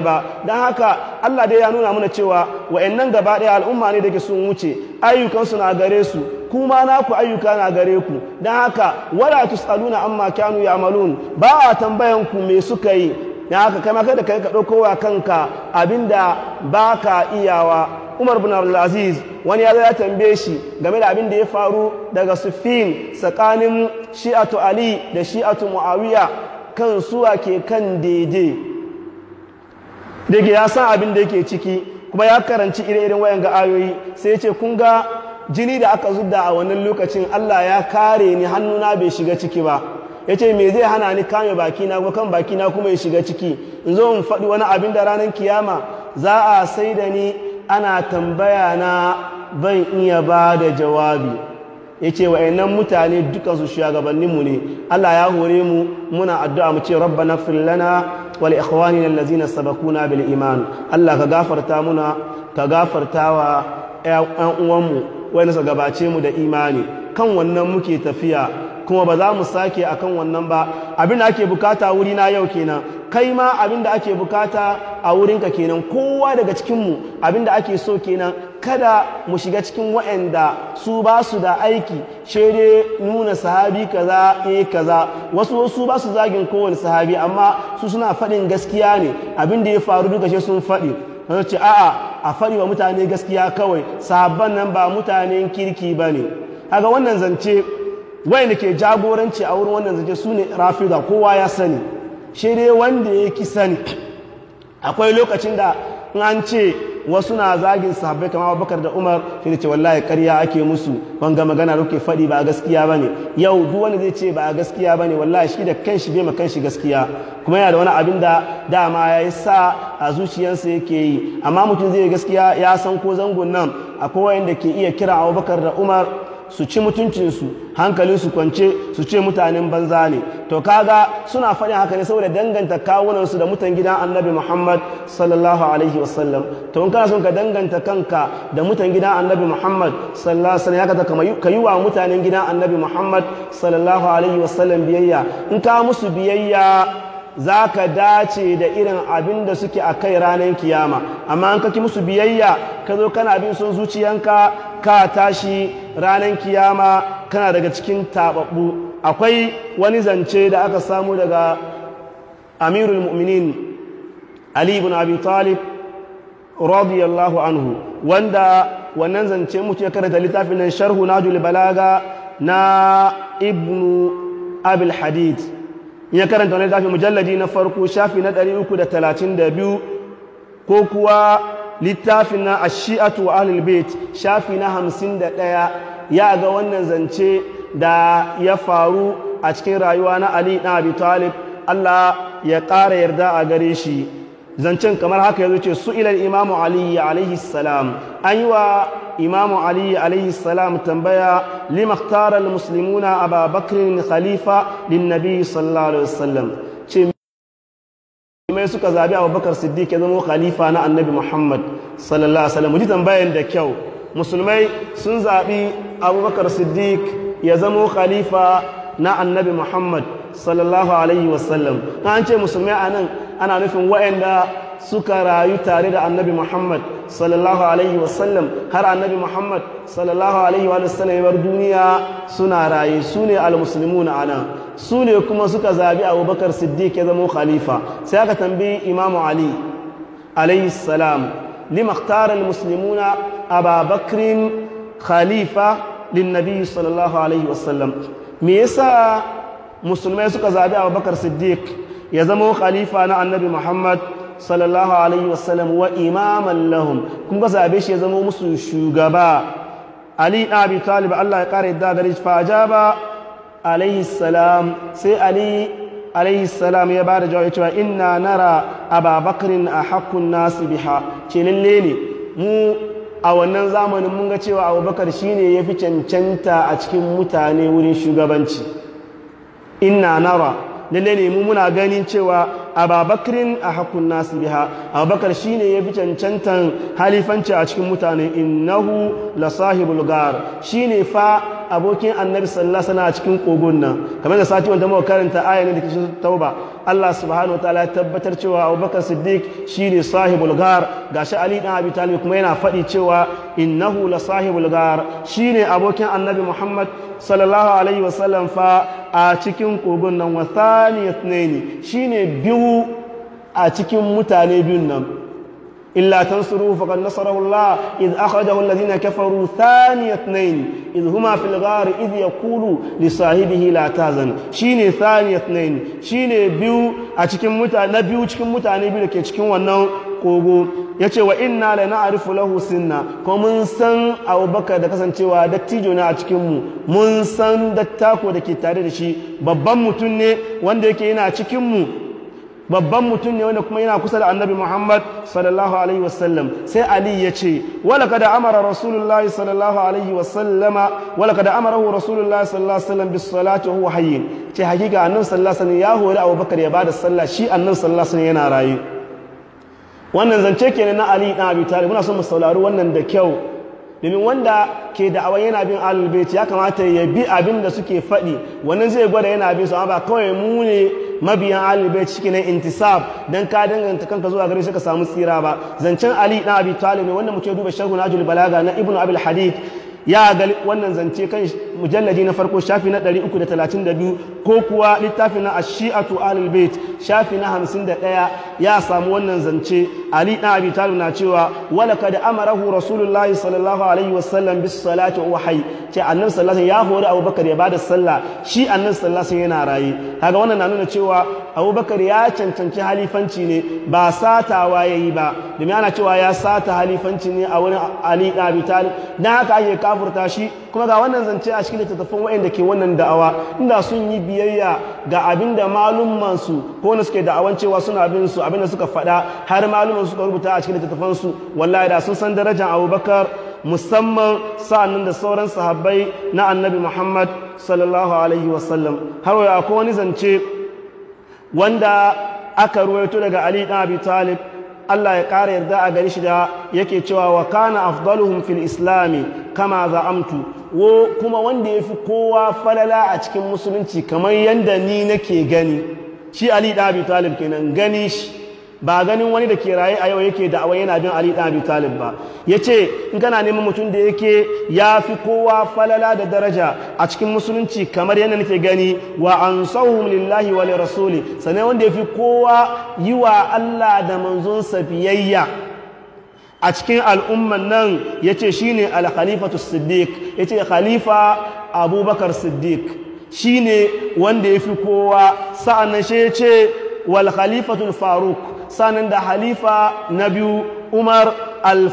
ba don haka Allah dai ya nuna mana cewa wa'annan gaba ɗaya al'umma ne da ke sun wuce ayyukansu na gare su kuma na ku ayyuka na gare ku don haka wala tusaluna amma kyanu kanu ya'malun ba a tambayan ku me suka yi na haka kama da kai ka ɗauko wa kanka abinda ba ka iyawa Umar bin Abdulaziz wani ya ya tambaye shi game da abin da ya faru daga Sufin tsakanin Shi'atu Ali da Shi'atu Muawiya kan suwa ke kan daidai da yake ya san abin da yake ciki kuma ya karanci iri iren wayan ga ayoyi sai ce kun ga jini da aka zubda a wannan lokacin Allah ya kare ni hannuna bai shiga ciki ba ya ce me zai hana ni kame bakina ko kan bakina kuma ya shiga ciki in zo in faɗi wani abin da ranar kiyama za a sai da ni ana tambaya na ban iya ba da jawabi ya ce wa'annan mutane dukansu shugabanninmu ne Allah ya hore mu muna addu'a mu ce 'Rabba na fillana wal na lazina sabakuna bil iman Allah ka gafarta muna ka gafarta wa ‘yan’uwanmu uwanmu wanda gabace mu da imani kan wannan muke tafiya kuma ba za mu sake a kan wannan ba abin da ake bukata wuri na yau kenan kai ma abin da ake bukata a wurinka kenan kowa daga cikinmu abin da ake so kenan kada mu shiga cikin waɗanda su ba su da aiki dai nuna sahabi kaza e kaza wasu wasu ba su zagin kowane sahabi amma su suna faɗin gaskiya ne abin da ya faru duka shi sun faɗi wasu ce a'a a faɗi wa mutane gaskiya kawai sabon nan ba mutanen kirki ba ne haka wannan zance wayanda ke jagoranci a wurin wannan zance su ne rafida kowa ya sani shaidai wanda ya ki sani akwai lokacin da an ce wasu na zagin sahabbai kama Abubakar da Umar ne ce wallahi karya ake musu wanga magana da faɗi ba a gaskiya bane yau duk wani zai ce ba a gaskiya bane wallahi shi da kanshi bai ma kanshi gaskiya kuma yana da wani abin da dama ya yi sa a zuciyarsa yake yi amma mutum zai gaskiya ya san ko zangon nan akwai wanda ke iya kira Abubakar da Umar su ci mutuncinsu hankalinsu kwance su ce mutanen banza ne to kaga suna faɗin haka ne saboda danganta kawunansu da mutan gidan annabi muhammad sallallahu alaihi wasallam to in kana son ka danganta kanka da mutan gidan annabi muhammad sallallahu alaihi wasallam ya kata ka yi wa mutanen gidan annabi muhammad sallallahu alaihi wasallam biyayya in ka musu biyayya za ka dace da irin abin da suke a kai ranar kiyama amma an kaki musu biyayya ka zo kana abin sun zuciyanka ka tashi ranar kiyama kana daga cikin taɓaɓɓu akwai wani zance da aka samu daga amirul mu'minin ali ibn abi talib radiyallahu anhu wanda wannan zance mutum ya karanta littafin nan sharhu najul balaga na ibnu abul hadid ya karanta wannan littafin mujalladi na farko shafi na 332 ko kuwa littafin na ashi'atu wa ahlul bait shafi na 51 ya ga wannan zance da ya faru a cikin rayuwa na ali na abi talib Allah ya ƙara yarda a gare shi zancen kamar haka yazo ce su ilal imamu ali alaihi salam an yi wa imamu ali alaihi salam tambaya lima musulmuna a muslimuna khalifa lin nabi sallallahu alaihi wasallam ce mai suka zabi abubakar siddiq ya zama khalifa na annabi muhammad sallallahu alaihi wasallam mu ji tambayan da kyau musulmai sun zabi abubakar siddiq يزمو خليفة نا النبي محمد صلى الله عليه وسلم أنت مسمى أنا أنا نفهم وين دا سكر يتعرض النبي محمد صلى الله عليه وسلم هر النبي محمد صلى الله عليه وسلم يبردونيا سنة رأي سنة المسلمون أنا سنة كما سكر زابي أبو بكر صديق يزمو خليفة سيقة تنبي إمام علي عليه السلام لما اختار المسلمون أبا بكر خليفة linnabi sallallahu alaihi yasa musulmai suka zaɓi abubakar siddiq ya zamo khalifa na annabi muhammad wa imaman lahum kuma ga zabe shi ya zamo musu shugaba ali abi talib allah ya kare yadda gare shi sai ali ya salam ya bada jawabi cewa inna nara ababakrin a hakun nasu biha ne mu a wannan zamanin mun ga cewa abubakar shi ne ya fi cancanta a cikin mutane wurin shugabanci Ina nara lalle ne mu muna ganin cewa ababakrin a hakun nasu biha abubakar shi ne ya fi cancantan halifanci a cikin mutane innahu la sahibul gar ne fa abokin annabi sallallahu alaihi wasallam cikin kogon nan kamar da sati wanda muka karanta aya ne da kishin tauba Allah subhanahu wataala ya tabbatar cewa Abubakar Siddiq shine sahibul ghar gashi Ali dan Abi Talib kuma yana faɗi cewa innahu la sahibul ghar shine abokin annabi Muhammad sallallahu alaihi wasallam fa a cikin kogon nan wa thani shine biyu a cikin mutane biyun nan illa tansuru faqad nasarahullah id akhadahu alladhina kafaru thaniyatayn id huma filgari ghar id yaqulu li sahibihi la tazan shine thaniyatayn shine biu a cikin mutane biu cikin mutane cikin wannan kogo yace wa inna la na'rifu lahu sinna ko mun san abubakar da kasancewa dattijo ne a cikin mun san dattako da ke tare da shi babban mutum ne wanda yake yana cikin mu babban mutum ne wanda kuma yana kusa da annabi muhammad sallallahu alaihi wasallam sai ali ya ce wala kada amara rasulullahi sallallahu alaihi wasallama wala kada amarahu rasulullahi sallallahu alaihi wasallam bis salati huwa hayyin ce hakika annabi sallallahu alaihi wasallam ya hori abubakar ya bada sallah shi annabi sallallahu alaihi wasallam yana raye wannan zance kenan na ali na abi talib muna son mu saurari wannan da kyau domin wanda ke da awan yana bin alul ya kamata ya bi abin da suke faɗi wannan zai gwada yana bin su amma ba kawai mu ne mabiyan alibai ciki na intisab dan ka danganta kanka zuwa gare shi ka samu tsira ba zancen ali na abi talib ne wanda muke duba sharhu najul balaga na ibnu abil hadid ya ga wannan zance kan mujalladi na farko shafi na 332 ko kuwa littafi na ashi'atu alul bait shafi na 51 ya samu wannan zance ali dan abi talib na cewa wala amarahu rasulullahi sallallahu alaihi wasallam bis salati wa hayy ce annabi sallallahu ya hori abubakar ya bada sallah shi annabi sallallahu yana rayi kaga wannan na nuna cewa abubakar ya cancanci halifanci ne ba satawa yayi ba domin ana cewa ya sata halifanci ne a wurin ali dan abi talib dan haka ake kafurta shi kuma ga wannan zance a cikin littattafan wa'anda ke wannan da'awa inda sun yi biyayya ga abin da malumansu ko wanda suke da'awan cewa suna bin su abin da suka faɗa har malumman su rubuta a cikin littattafan su wallahi da sun san darajar abubakar musamman sa'annan da sauran sahabbai na annabi muhammad sallallahu alaihi wasallam har akwai wani zance wanda aka ruwaito daga ali ɗan abi talib Allah ya ƙara yarda a gari shi da yake cewa wa kana afdaluhum fil islami kama za'amtu wo kuma wanda yafi kowa falala a cikin musulunci kamar yanda ni nake gani shi Ali da Abi Talib kenan gani shi ba ganin wani da ke raye a yau yake da yana bin Ali Abi Talib ba Ya ce in kana neman mutum da yake ya fi kowa falala da daraja a cikin musulunci kamar yadda nake gani wa ansawhum lillahi wa rasuli sanai wanda ya fi kowa yi wa Allah da manzon biyayya a cikin al'umman nan yace shine ne khalifatu siddiq yace khalifa abubakar siddiq shine wanda yafi kowa sa'annan shi yace wal faruk sanin da halifa na biyu umar al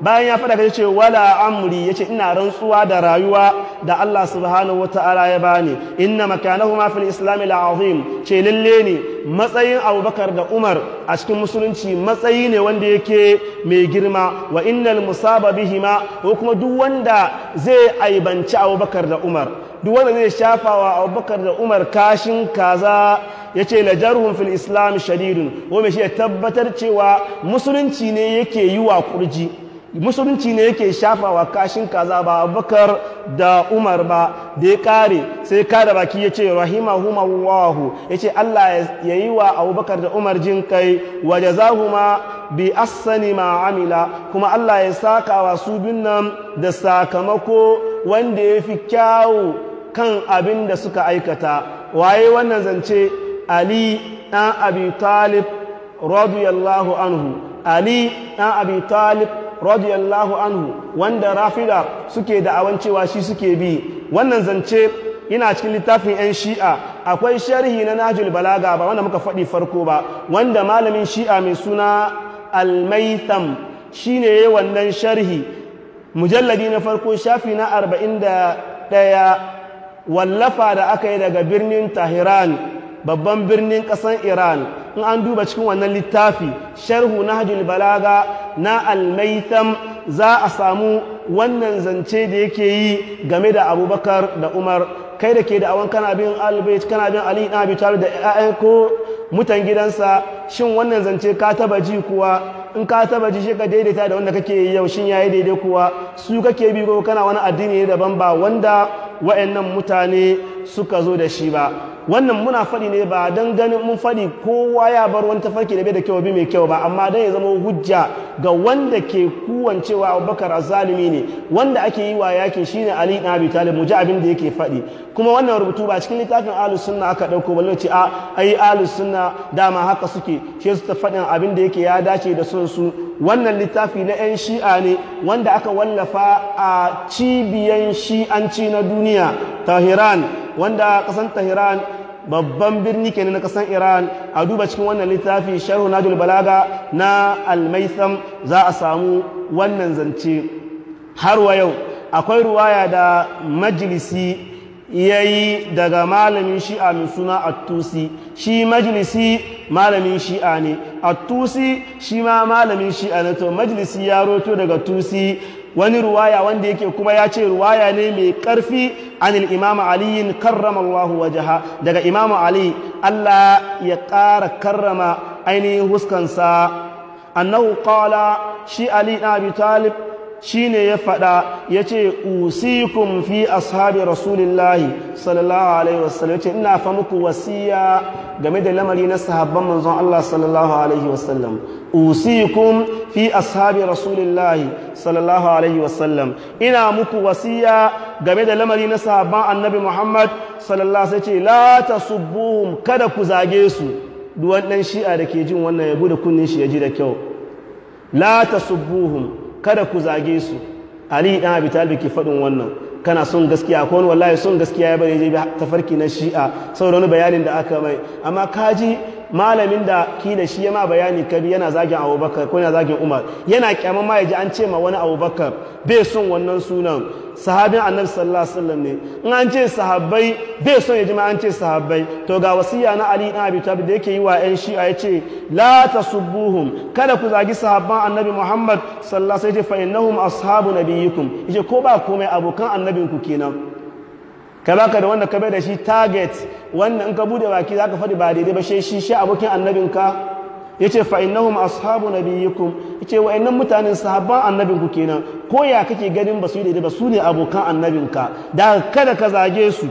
bayan ya faɗa ce wala amri yace ina rantsuwa da rayuwa da Allah subhanahu wata'ala ya bani inna makanahuma fil Islami la'azim ce lalle ne matsayin abubakar da umar a cikin musulunci matsayi ne wanda yake mai girma wa innal musaba hima ko kuma duk wanda zai aibanci abubakar da umar duk wanda zai shafawa abubakar da umar kashin kaza ya ce la jarhum fil islam shadidun ko shi ya tabbatar cewa musulunci ne yake yi wa kurji musulunci ne yake shafa wa kashin kaza ba abubakar da umar ba da ya kare sai kada baki ya ce rahima wahu ya ce allah ya yi wa abubakar da umar jin kai wa jazahuma bi asani ma amila kuma allah ya saka wa su bin nan da sakamako wanda ya fi kyawu kan abin da suka aikata waye wannan zance ali ɗan abi talib radiyallahu anhu ali ɗan abi talib radiyallahu anhu wanda rafida suke da cewa shi suke bi wannan zance ina cikin littafin 'yan shi'a akwai sharhi na najul balaga ba wanda muka faɗi farko ba wanda malamin shi'a mai suna almaitam shine yayin wannan sharhi mujalladi na farko shafi na 41 wallafa da aka yi daga birnin tahiran babban birnin ƙasar iran in an duba cikin wannan littafi sharhu na hajjul balaga na almaitam za a samu wannan zance da yake yi game da abubakar da umar kai da ke da awon kana bin albait kana bin ali na da ya'yan ko mutan gidansa shin wannan zance ka taba ji kuwa in ka taba ji shi daidaita da wanda kake yau shin yayi daidai kuwa su kake bi ko kana wani addini daban ba wanda wa'annan mutane suka zo da shi ba wannan muna faɗi ne ba don ganin mun faɗi kowa ya bar wani tafarki da bai da kyau bi mai kyau ba amma dan ya zama hujja ga wanda ke kuwan cewa abubakar azalimi ne wanda ake yi wa yakin shine ali ibn abi talib mu abin da yake faɗi kuma wannan rubutu ba cikin littafin ahlus sunna aka dauko ba ce a ai ahlus sunna dama haka suke shi su ta faɗin abin da yake ya dace da son su wannan littafi na yan shi'a ne wanda aka wallafa a cibiyan shi'anci na duniya tahiran wanda kasan tahiran babban birni kenan na kasan iran a duba cikin wannan littafi sharhu najul balaga na almaisam za a samu wannan zance har wa yau akwai ruwaya da majalisi ya yi daga malamin shi'a mai suna attusi shi majalisi malamin shi'a ne attusi shi ma malamin shi'a na to majalisi ya roto daga tusi wani ruwaya wanda yake kuma ya ce ruwaya ne mai ƙarfi anil imamu aliyin karramallahu wajaha daga Imama ali Allah ya ƙara karrama ainihin huskansa annahu qala shi ali na abi talib shine ya faɗa ya ce usikum fi ashabi rasulillahi sallallahu alaihi wasallam ya ce ina fa muku wasiya game da lamari na sahabban manzon Allah sallallahu alaihi wasallam usikum fi ashabi rasulillahi sallallahu alaihi wasallam ina muku wasiya game da lamari na sahabban annabi Muhammad sallallahu alaihi wasallam la tasubbuhum kada ku zage su duwan dan shi'a da ke jin wannan ya bude kunnin shi ya ji da kyau la tasubbuhum kada ku zage su ali dan abi talib ke faɗin wannan kana son gaskiya ko wani wallahi son gaskiya ya bane je tafarki na shi'a saboda wani bayanin da aka mai amma kaji malamin da ki da shi ya ma bayani kabi yana zagin abubakar ko yana zagin umar yana kyaman ma ya ji an ce ma wani abubakar bai son wannan sunan sahabin annabi sallallahu alaihi wasallam ne in an ce sahabbai bai son ya ji ma an ce sahabbai to ga wasiya na ali ibn abi talib da yake yi wa shi shi'a yace la tasubbuhum kada ku zagi sahabban annabi muhammad sallallahu alaihi wasallam fa innahum ashabu nabiyikum yace ko ba komai abokan annabinku kenan ka baka da wanda ka bai da shi target wanda in ka bude baki zaka faɗi ba daidai ba shi shi shi abokin annabinka ya ce fa'innahum ashabu na biyikun ya ce wa'annan mutanen sahabban annabinku kenan ko ya kake ganin ba su yi daidai ba su ne abokan annabinka da kada ka zage su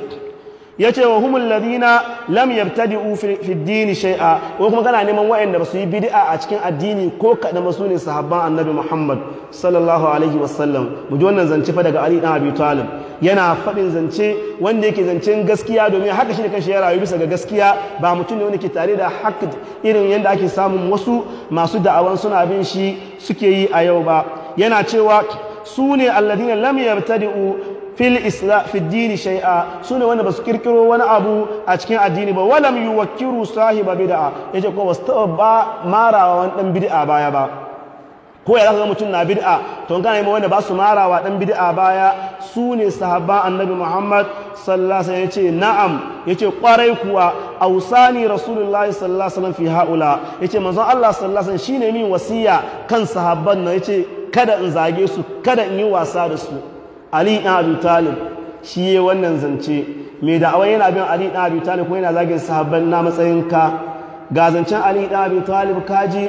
ya ce wa humul ladina lam yabtadi'u fi dini shai'a ko kuma kana neman wa'anda ba su yi bid'a a cikin addini ko kada masu ne sahabban annabi Muhammad sallallahu alaihi wasallam mu ji wannan zance fa daga Ali dan Abi Talib yana fadin zance wanda yake zancen gaskiya domin haka shi ne kanshi ya rayu bisa ga gaskiya ba mutum ne wanda ke tare da hak irin yanda ake samun wasu masu da'awan suna bin shi suke yi a yau ba yana cewa su ne alladina lam yabtadi'u fil isla fi dini shay'a sune wanda basu kirkiro wani abu a cikin addini ba walam yuwakkiru sahiba bid'a yace ko wasta taba ba marawa wani dan bid'a baya ba ko ya zaka mutum na bid'a to kana mai wanda basu marawa dan bid'a baya sune sahaba annabi Muhammad sallallahu alaihi wasallam yace na'am yace kwarai kuwa ausani rasulullahi sallallahu alaihi wasallam fi haula yace manzon Allah sallallahu alaihi wasallam shine min wasiya kan sahabban nan yace kada in zage su kada in yi wasa da su ali ibn abi talib shi ya wannan zance mai da'awa yana bin ali ibn abi talib kuma yana zagin sahabban na matsayin ka ga zancen ali ibn abi talib kaji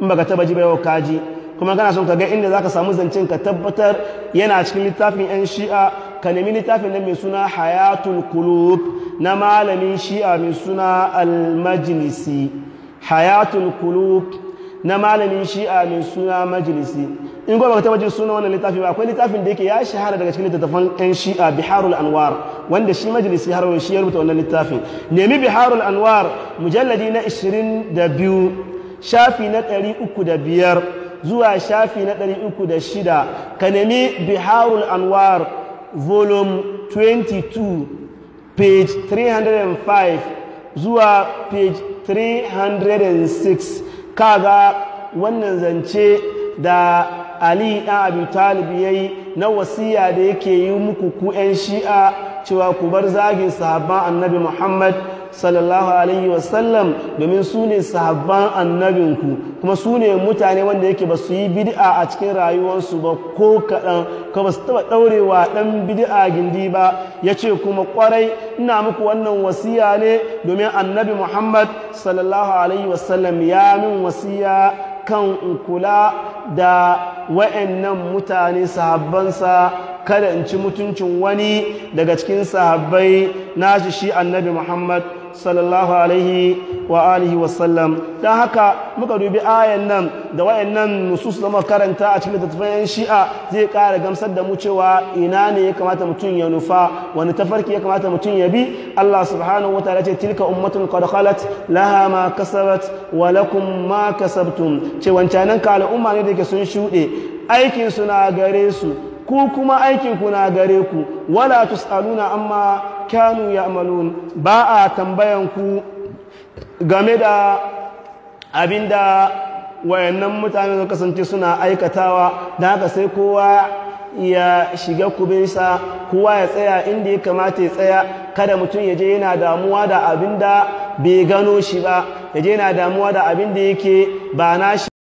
in baka taba ji ba yau kaji kuma kana son ka ga inda zaka samu zancen ka tabbatar yana cikin littafin yan shi'a ka nemi littafin nan mai suna hayatul kulub na malamin shi'a mai suna al hayatul kulub na malamin shi'a mai suna majlisi in goma ka taba jin wannan littafin ba akwai littafin da yake ya shahara daga cikin littattafan yan shi'a biharul anwar wanda shi majalisi har shi ya rubuta wannan littafin nemi biharul anwar mujalladi na 22 shafi na 305 zuwa shafi na 306 ka nemi biharul anwar volume 22 page 305 zuwa page 306 kaga wannan zance da ali ɗan abi talib ya yi na wasiya da yake yi muku ku 'yan shi'a cewa ku bar zagin sahabban annabi muhammad sallallahu alaihi wasallam domin su ne sahabban annabinku kuma su ne mutane wanda yake ba su yi bid'a a cikin rayuwarsu ba ko kaɗan ka ba su taɓa ɗaurewa ɗan bid'a gindi ba ya ce kuma ƙwarai ina muku wannan wasiya ne domin annabi muhammad sallallahu alaihi wasallam ya min wasiya kan kula da nan mutane sahabbansa kada in ci mutuncin wani daga cikin sahabbai nashi shi annabi Muhammad sallallahu alaihi wa alihi wasallam don haka muka dubi ayan nan da wa'yan nan nusus zama karanta a cikin littattafan shi'a zai kara gamsar da mu cewa ina ne ya kamata mutum ya nufa wani tafarki ya kamata mutum ya bi Allah subhanahu wa ta'ala ce tilka ummatun qad khalat laha ma kasabat wa lakum ma kasabtum ce wancan ka al'umma ne da ke sun shuɗe aikin su na gare su ku kuma aikin ku na gare ku wala tusaluna amma kanu ya'malun ba a tambayan ku game da abin da wayannan mutane da kasance suna aikatawa da haka sai kowa ya shiga kubinsa kowa ya tsaya inda ya kamata ya tsaya kada mutum ya je yana damuwa da abin da bai gano shi ba ya je yana damuwa da abin da yake ba na shi